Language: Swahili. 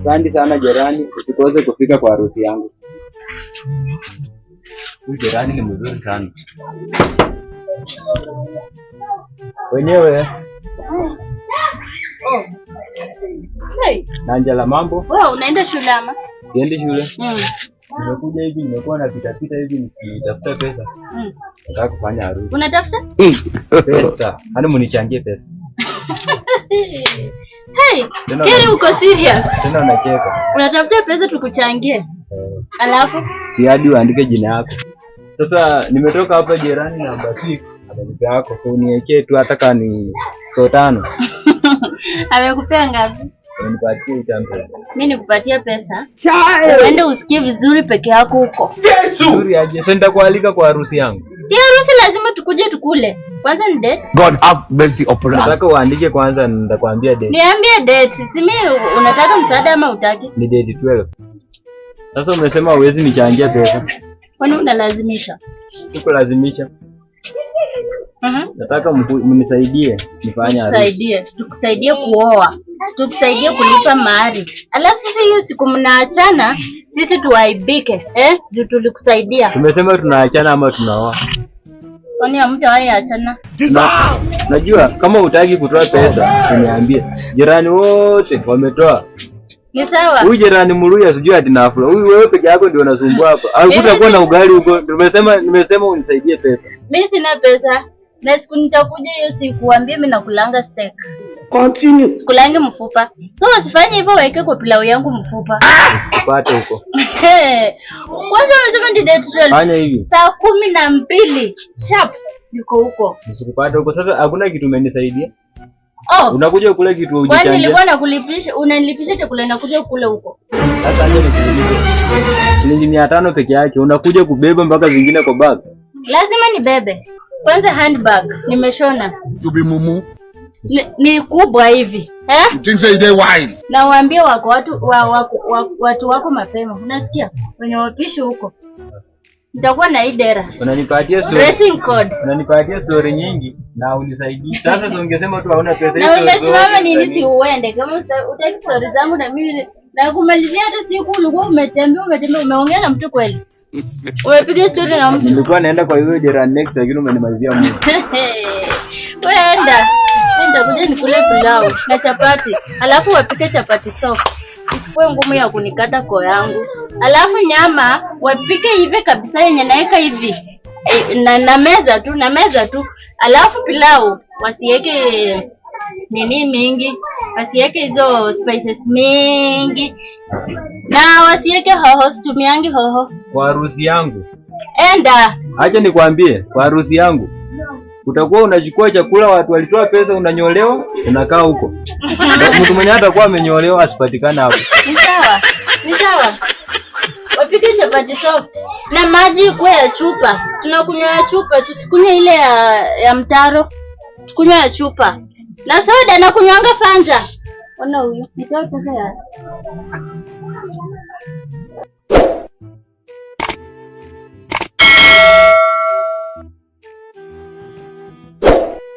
Asante sana jirani, usikose kufika kwa harusi yangu. Huyu jirani ni mzuri sana wenyewe. Hey. Nanjala, mambo wewe? Unaenda shule ama? Siendi shule. Mm. Nimekuja hivi, nimekuwa na pita hivi nitafuta pesa. Mm. Nataka kufanya harusi. Unatafuta? Pesa. Hadi yaani munichangie pesa. Hey, keri uko serious? Tena unacheka. Unatafuta pesa tukuchangie. Alafu si hadi uandike jina yako. Sasa nimetoka hapa jirani na Basik akanipea yako. So niwekee tu hata kama ni so tano. Amekupea ngapi? Unipatie chambe. Mimi nikupatia pesa. Uende usikie vizuri peke yako huko. Yesu. Nzuri aje. Sasa nitakualika kwa harusi yangu. Si harusi lazima tukuje tukule. Kwanza ni date. God have mercy upon us. Nataka uandike kwanza nitakwambia date. Niambie date. Si mimi unataka msaada ama utaki? Ni date 12. Sasa umesema huwezi nichangia pesa. Kwani unalazimisha? Sikulazimisha. Mhm. Nataka mnisaidie nifanye harusi. Tukusaidie kuoa tukusaidie kulipa mahari, alafu sisi hiyo siku mnaachana, sisi tuaibike eh, juu tulikusaidia. Tumesema tunaachana ama tunaoa? Kwani hamta wahi achana? Najua kama utaki kutoa pesa, uniambie. Jirani wote wametoa ni sawa. Huyu jirani Muluya sijui ati nafula. Huyu wewe peke yako ndio unasumbua hapa. Hakutakuwa na ugali huko. Nimesema nimesema unisaidie pesa. Mimi sina pesa na siku nitakuja hiyo siku uambie mimi nakulanga steak. Continue. Sikulangi mfupa. So usifanye hivyo weke kwa pilau yangu mfupa. Ah! Usikupate huko. Kwanza unasema ndio date 12. Fanya hivi. Saa kumi na mbili sharp yuko huko. Usikupate huko. Sasa hakuna kitu umenisaidia. Oh. Unakuja kule kitu ujichanja. Kwani nilikuwa nakulipisha, unanilipisha chakula na kuja kule huko. Sasa aje nikulipishe. Shilingi 500 peke yake unakuja kubeba mpaka vingine kwa bag. Lazima nibebe. Kwanza handbag nimeshona. Tubi mumu. Ni, ni kubwa hivi eh? Things they Wise. Na waambie wako watu wa, wako, wako, watu wako mapema, unasikia wenye wapishi huko, nitakuwa na idera. Unanipatia story. Dressing code. Unanipatia story nyingi na unisaidii. Sasa ungesema tu hauna pesa hizo. Na umesimama nini? Si uende kama utaki story zangu na mimi na kumalizia hata siku ulikuwa umetembea umetembea umeongea na mtu kweli Umepiga story na mtu. Nilikuwa naenda kwa hiyo jera next lakini umenimalizia mimi. Wewe enda. Enda kuja nikule pilau na chapati. Alafu wapike chapati soft. Isikuwe ngumu ya kunikata koo yangu. Alafu nyama wapike hivi kabisa yenye naweka hivi. Eh, na, na meza tu, na meza tu. Alafu pilau wasiweke nini mingi wasiweke hizo spices mingi na wasiweke hoho, situmiangi hoho kwa harusi yangu. Enda, acha nikwambie, kwa harusi yangu utakuwa unachukua chakula, watu walitoa pesa, unanyolewa, unakaa huko. Mtu mwenye atakuwa amenyolewa asipatikane hapo. Ni sawa, ni sawa. Wapike chapati soft na maji kwa ya chupa, tunakunywa ya chupa, tusikunywe ile ya, ya mtaro, tukunywa ya chupa na soda na kunywanga fanja. Ona huyu.